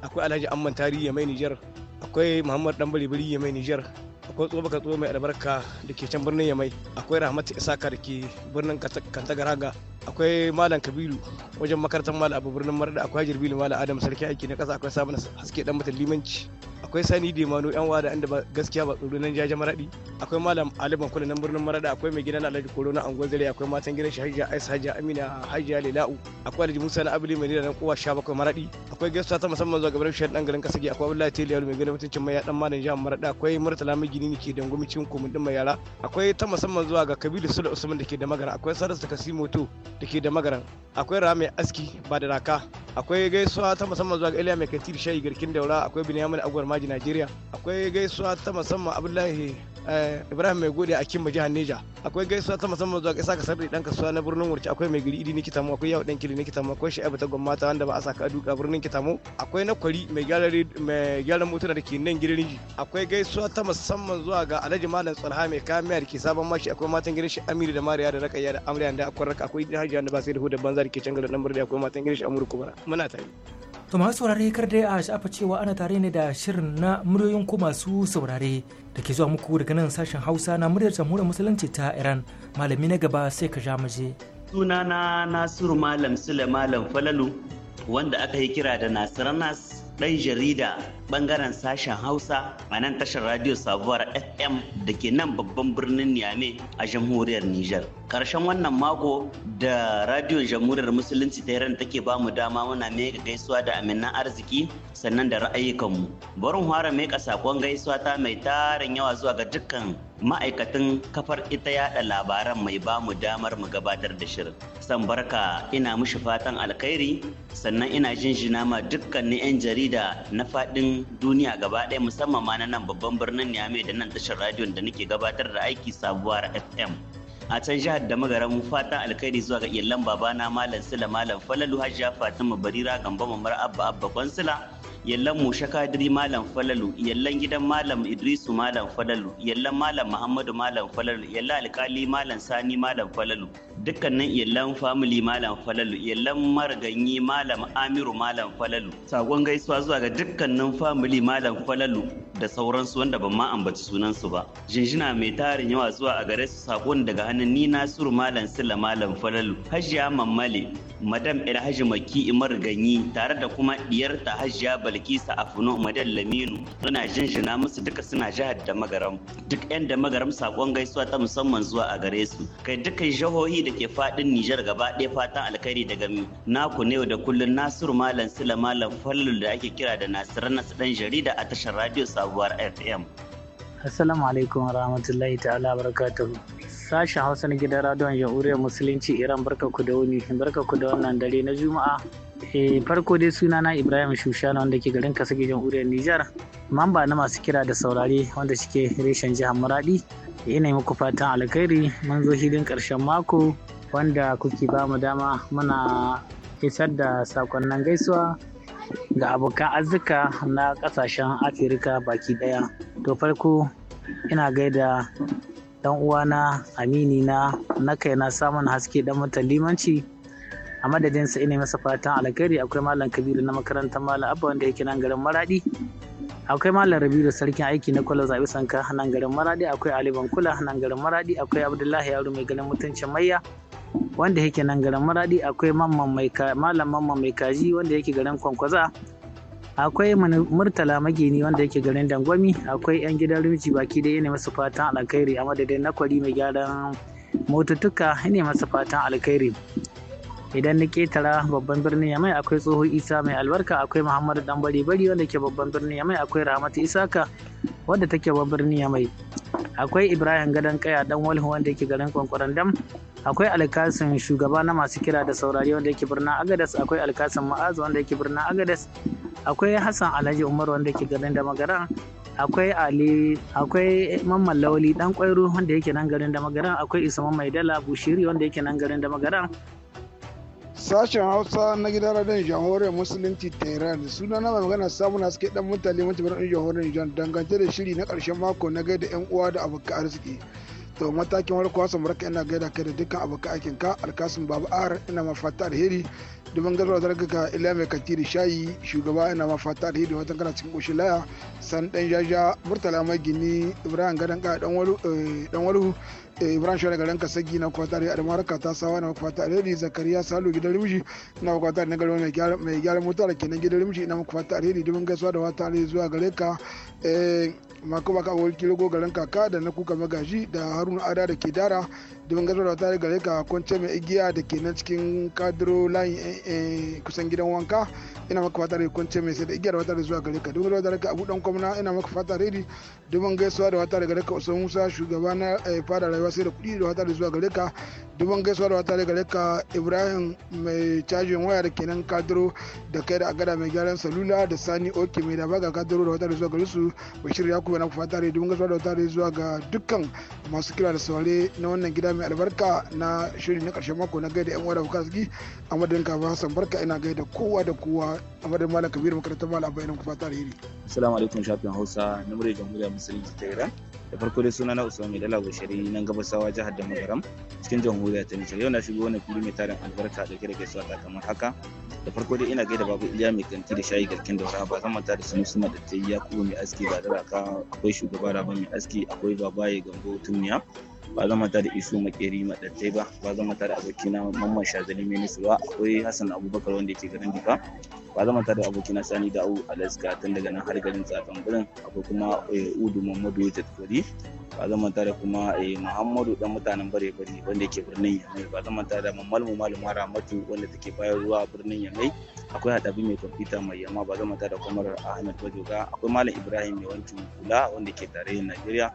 akwai Alhaji Amman Tarihi mai Nijar akwai Muhammad Dan Bari ya mai Nijar akwai tsoba ka tsoba mai albarka da ke can birnin yamai akwai rahmatu isaka da ke birnin kantagaraga akwai malam Kabilu wajen makarantar malam abu birnin marda akwai hajjar bilu malam adam sarki aiki na kasa akwai sabon haske dan mutum limanci akwai sani demano yan wada inda ba gaskiya ba tsoro nan jaje maradi akwai malam aliban kula nan birnin marada akwai mai gidan alhaji koro na angon zare akwai matan gidan shahija aisa hajja amina hajja lela'u akwai alhaji musa na abili mai nan kowa sha bakwai maradi akwai gaisuwa ta musamman zuwa gabar shi dan garin kasa akwai abdullahi teliyaru mai gidan mutuncin mai ya dan malam jihar marada akwai murtala mai gini ne ke dangwami cikin komin mai yara akwai ta musamman zuwa ga kabilu sule usman da ke da magana akwai sarasu moto da ke da magana akwai rame aski ba da raka akwai gaisuwa ta musamman zuwa ga iliya mai katir shayi garkin daura akwai binyamin agwar maji najeriya akwai gaisuwa ta musamman abdullahi eh, ibrahim mai gode a kimba jihar neja akwai gaisuwa ta musamman zuwa isa ka da dan kasuwa na birnin wurce akwai mai gari idi nikita mu akwai yawo dan kili nikita mu akwai sha'ibu ta gwamnati wanda ba a saka duka birnin kitamo akwai na kwari mai gyaran mutuna da ke nan gidan akwai gaisuwa ta musamman musamman zuwa ga Alhaji Malam Tsalha mai kamiya da ke sabon mashi akwai matan gidan shi da Mariya da Rakayya da Amriya da akwai Raka akwai Hajiya da Basiru da da ke can nan Murda akwai matan gidan shi Amuru Kubara muna tare. To masu saurare kar dai a sha'afa cewa ana tare ne da shirin na muryoyin ku masu saurare da ke zuwa muku daga nan sashen Hausa na muryar jamhuriyar musulunci ta Iran malami na gaba sai ka ja muje. Sunana Nasiru Malam Sule Malam Falalu wanda aka yi kira da nasiranas ɗan jarida bangaren sashen Hausa a nan tashar Radio Sabuwar FM da ke nan babban birnin Niamey a jamhuriyar Nijar. Karshen wannan mako da Radio Jamhuriyar Musulunci ta ran take bamu dama muna mega gaisuwa da aminan arziki sannan da mu Barin fara meka sakon gaisuwa ta mai tarin yawa zuwa ga dukkan ma'aikatan kafar ita yada labaran mai bamu damar mu gabatar da shirin. San barka ina mushi fatan alkhairi sannan ina jinjina ma dukkanin 'yan jarida na fadin. duniya gaba ɗaya musamman ma na nan babban birnin Niamey da nan tashar radiyon da nake gabatar da aiki sabuwar FM. a can jihar da magara mu fatan alkhairi zuwa ga iyalan babana malam sila malam falalu hajjia fatima barira gamba mamar abba abba kwansila yallan shakadiri malam falalu yallan gidan malam idrisu malam falalu yallan malam muhammadu malam falalu yallan alkali malam sani malam falalu dukkanin iyalan family malam falalu iyalan marganyi malam amiru malam falalu sakon gaisuwa zuwa ga dukkanin family malam falalu da sauransu wanda ban ma ambaci sunansu ba jinjina mai tarin yawa zuwa a gare su sakon daga hannun ni nasiru malam sila malam falalu hajiya mammale madam el haji maki imar ganyi tare da kuma diyarta hajiya balkisa afuno madan laminu suna jinjina musu duka suna jihar da magaram duk yan da magaram sakon gaisuwa ta musamman zuwa a gare su kai dukkan jihohi da da ke fadin Nijar gaba ɗaya fatan alkhairi daga naku na da kullun Nasiru Malam Sula Malam Fallul da ake kira da Nasiru Nasu dan jarida a tashar radio sabuwar FM. Assalamu alaikum warahmatullahi ta'ala barakatuhu. Sashen Hausa na gidan radiyon jamhuriyar Musulunci Iran barka ku da wuni, barka ku da wannan dare na Juma'a. Eh, farko dai suna na Ibrahim Shushana wanda ke garin Kasage jamhuriyar Nijar, mamba na masu kira da saurare wanda suke reshen jihar muradi? ina muku fatan alkhairi mun zo hidin ƙarshen mako wanda kuke ba mu dama muna isar da sakonnan gaisuwa ga abokan arzika na ƙasashen afirka baki ɗaya to farko ina gaida dan uwana amini na na kai na samun haske dan mata limanci a madadin sa ina masa fatan alkhairi akwai malam kabiru na makarantar malam abba wanda yake nan garin maradi akwai malam rabiu da sarkin aiki na kwallo zaɓe sanka Nan garin maradi akwai aliban kula. Nan garin maradi akwai abdullahi yaro mai ganin mutuncin mayya wanda yake nan garin maradi akwai malam mamman mai kaji wanda yake garin kwankwaza akwai murtala magini wanda yake garin dangwami akwai yan gidan rimci baki da yana masu fatan alkhairi a madadin na kwari mai gyaran motutuka ne masu fatan alkhairi idan na ketara babban birnin yamai akwai tsoho isa mai albarka akwai muhammadu dan bari bari wanda ke babban birnin yamai akwai rahmatu isaka wadda take babban birnin yamai akwai ibrahim gadon kaya dan walhu wanda yake garin kwankwaran dam akwai alkasin shugaba na masu kira da saurari wanda yake birnin agadas akwai alkasin ma'azu wanda yake birnin agadas akwai hassan alhaji umar wanda yake garin da magaran akwai ali akwai mamman lawali dan kwairo wanda yake nan garin da magaran akwai isa mai dala bushiri wanda yake nan garin da magaran Sashen Hausa na gidan radon jamhuriyar Musulunci Tehran suna na mai magana samu na suke dan mutane mutumar ɗin jamhuriyar Nijar dangance da shiri na karshen mako na gaida 'yan uwa da abokan arziki. to matakin wani kwasa barka ina gaida ka da dukkan abokan aikin ka alkasun babu ar ina ma fata alheri dubin gazuwa zarga ka ila mai da shayi shugaba ina ma fata alheri Wata kana cikin koshin laya san dan jaja murtala mai gini ibrahim gadan ka dan walu eh, Eh, ibrahim shawara garin kasagi na kwatar da marka ta sawa na kwatar redi zakariya salu gidan rimshi na kwatar na garin mai gyara mota da kenan gidan rimshi na kwatar redi domin gaisuwa da wata ne zuwa gare ka eh, makuma ka abubuwan kirigo garin kaka da na kuka magaji da haruna ada da ke dara domin gaisuwa da wata gare ka kwance mai igiya da ke nan cikin kadiro layin eh, kusan gidan wanka ina maka fata da kwance mai sai da igiyar wata da zuwa gare ka duk da daga abu dan kwamna ina maka fata da domin gaisuwa da wata daga ka usman musa shugaba na eh, fada rayuwa sai da kudi da wata da zuwa gare ka domin gaisuwa da wata daga ka ibrahim mai cajin waya da kenan kadiro da kai da agada mai gyaran salula da sani oke mai da baga kadiro da wata da zuwa gare su bashir yakubu na fata da domin gaisuwa da wata da zuwa ga dukkan masu kira da saurare na wannan gida mai albarka na shirin na karshen mako na gaida yan wada da bukatsuki a madadin ba hassan barka ina gaida kowa da kowa magana malam kabiru makarantar malam abba ina ku alheri assalamu alaikum shafin hausa na muryar jamhuriyar musulunci ta iran da farko dai suna na usman dala goshari nan gabasawa jihar da magaram cikin jamhuriyar ta nijar yau na shigo wani fili mai tarin albarka da kira gaisuwa ta kamar haka da farko dai ina gaida babu iliya mai kanti da shayi garkin da ba zan manta da suna da ta yi kuma mai aski ba da raka akwai shugaba raba mai aski akwai babaye gambo tumiya ba zama manta da isu makeri madattai ba ba zama manta da abokina mamman shazali nisu ba akwai hassan abubakar wanda yake garin duka ba zama manta da abokina sani da au alaska tun daga nan har garin tsakan birnin akwai kuma eh, udu mamadu jatkori ba zama manta da kuma eh, muhammadu dan mutanen bare bare wanda yake birnin yamai ba zama manta da Mamalmu mu malama ramatu wanda take bayarwa a birnin yamai akwai hadabi mai kwamfuta mai yamma ba zama manta da kwamar ahmed bajoga akwai malam ibrahim mai wancan kula wanda ke tarayyar najeriya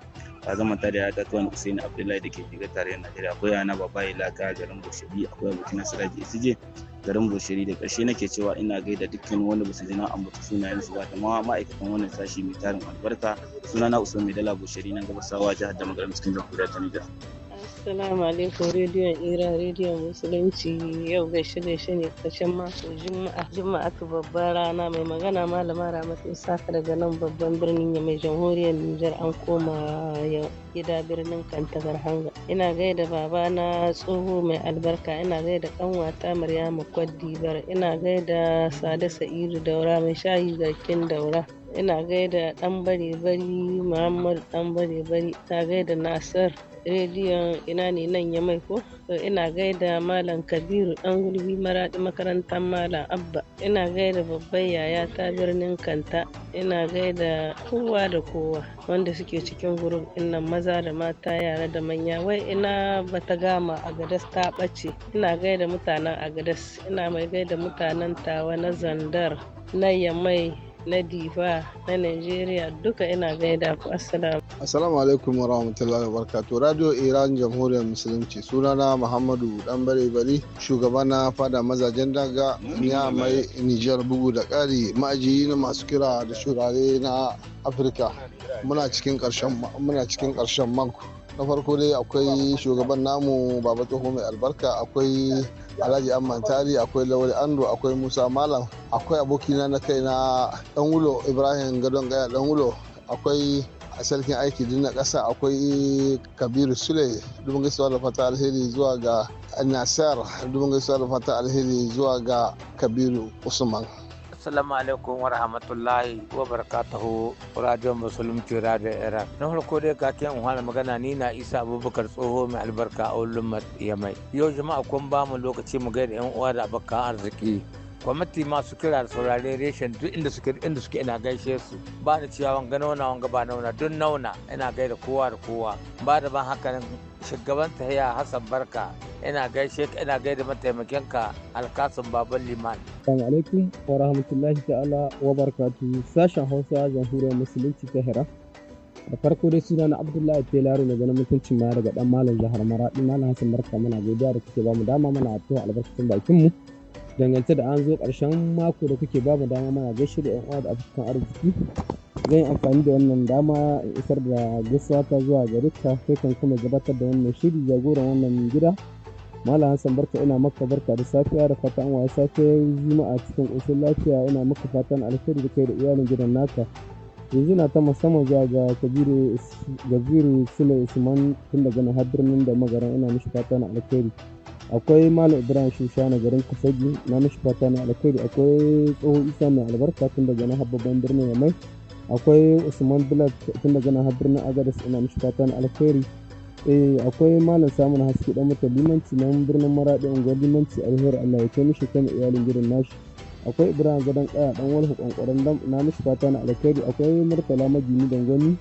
ta zama ta da yata abdullahi da ke shiga tarayyar najeriya akwai yana baba ilaka garin bushiri akwai abokin siraji isije garin bushiri da ƙarshe nake cewa ina gaida dukkan wanda ba su an na su sunayen su ba ta ma ma'aikatan wannan sashi mai tarin albarka sunana usman mai dala bushiri nan gabasawa jihar da magaram cikin jamhuriyar ta nijar. Assalamu alaikum rediyon Iran rediyon Musulunci yau gaishe gaishe ne karshen mako Juma'a Juma'a ta babbar rana mai magana malama Ramatu Isaka daga nan babban birnin mai jamhuriyar Nijar an koma gida birnin Kantagar Hanga ina gaida baba na tsoho mai albarka ina gaida kanwata Maryamu Kwadibar ina gaida sada Sa'idu Daura mai shayi garkin Daura ina gaida dan bare bari Muhammad dan bare bari ta gaida Nasir rediyon ina ne nan ya mai ko ina gaida malam kabiru dan gulbi maradi makarantar malam abba ina gaida babban yaya ta birnin kanta ina gaida kowa da kowa wanda suke cikin gurin nan maza da mata yara da manya wai ina bata gama a ta ɓace ina gaida mutanen Agadas. ina mai gaida mutanen tawa na zandar na yamai na diva na nigeria duka ina gaida ku assalamu assalamu alaikum wa rahmatullahi wa barakatuh radio iran jamhuriyar musulunci sunana muhammadu dan bare bari shugaba na fada mazajen daga ya mai nijar bugu da kari ma'ajiyi na masu kira da shurare na afirka muna cikin karshen muna cikin karshen mako na farko dai akwai shugaban namu baba tsoho mai albarka akwai alhaji amman tari akwai lawal ando akwai musa malam akwai abokina na kai na dan wulo ibrahim gadon gaya dan wulo akwai a sarkin aiki din kasa akwai kabiru sule dubin gaisuwa da fata alheri zuwa ga nasar dubin gaisuwa da fata alheri zuwa ga kabiru usman assalamu alaikum wa rahmatullahi wa barakatuhu radio musulunci radio iraq na farko dai ka ke wahala magana ni na isa abubakar tsoho mai albarka a ulumar yamai yau jama'a kun ba mu lokaci mu gaida yan uwa da abokan arziki kwamiti masu kira da saurare reshen duk inda suke inda suke ina gaishe su ba da cewa wanga nauna wanga ba nauna don nauna ina gaida kowa da kowa ba da ban hakanin shugaban tahiya hassan barka ina gaishe ka ina gaida mataimakin ka alkasun baban liman assalamu alaikum wa rahmatullahi ta'ala wa barakatuhu sashen hausa jamhuriyar musulunci ta hira da farko dai suna na abdullahi telaro na ganin mutuncin ma daga dan malam zahar maraɗi malam hassan barka muna godiya da kuke ba mu dama mana a albarkacin bakin mu dangance da an zo ƙarshen mako da kuke ba mu dama mana gaishe da 'yan uwa da abokan arziki zan yi amfani da wannan dama in isar da gaisuwa ta zuwa gare ka kai kan kuma gabatar da wannan shiri jagoran wannan gida malam hassan barka ina maka barka da safiya da fata an waya safe juma'a cikin ƙoshin lafiya ina maka fatan alheri da kai da iyalin gidan naka yanzu na ta musamman zuwa ga kabiru gaziru sule usman tun daga nan har birnin da magaran ina mishi fatan alheri akwai malam ibrahim shushana garin kasagi na mishi fata na alkhairi akwai tsoho isa mai albarka tun daga na babban birnin yamai akwai usman bilad tun daga nan birnin agadas ina mishi fata na alkhairi eh, akwai malam samun haske dan mutan limanci na birnin maradi unguwar limanci alheri allah ya kai mishi kan iyalin gidan nashi akwai ibrahim gadon kaya dan wani kwankwaran dam na mishi fata na alkhairi akwai murtala majini dangwani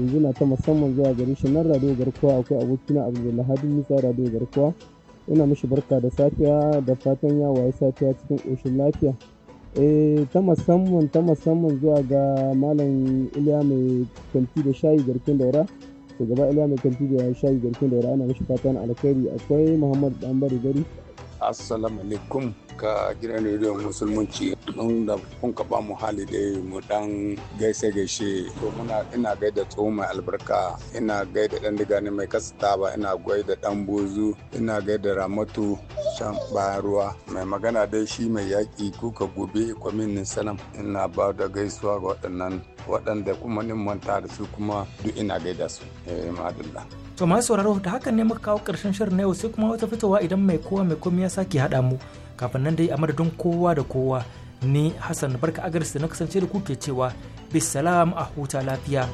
yanzu na ta musamman zuwa garin shi nan radio garkuwa akwai abokina abdullahi musa radio garkuwa ina mishi barka da safiya da fatan ya wayi safiya cikin ƙoshin lafiya eh ta musamman ta musamman zuwa ga malam iliya mai kanti da shayi garkin daura shugaba iliya mai kanti da shayi garkin daura ana mishi fatan alkhairi akwai muhammad ɗan bari gari assalamu alaikum ka gidan rediyon musulunci mun da kun kaba mu hali dai mu dan gaise gaishe to muna ina gaida tsoho mai albarka ina gaida dan digani mai kasta ba ina gaida dan bozu ina gaida ramatu shan ruwa mai magana dai shi mai yaki kuka gobe kwamin salam ina ba da gaisuwa ga waɗannan waɗanda kuma nin manta da su kuma duk ina gaida su eh, madalla to masu sauraro da hakan ne muka kawo ƙarshen shirin na yau sai kuma wata fitowa idan mai kowa mai komai ya sake haɗa mu kafin nan dai a madadin kowa da kowa ni hassan barka agarsu na kasance da kuke cewa bisalam a huta lafiya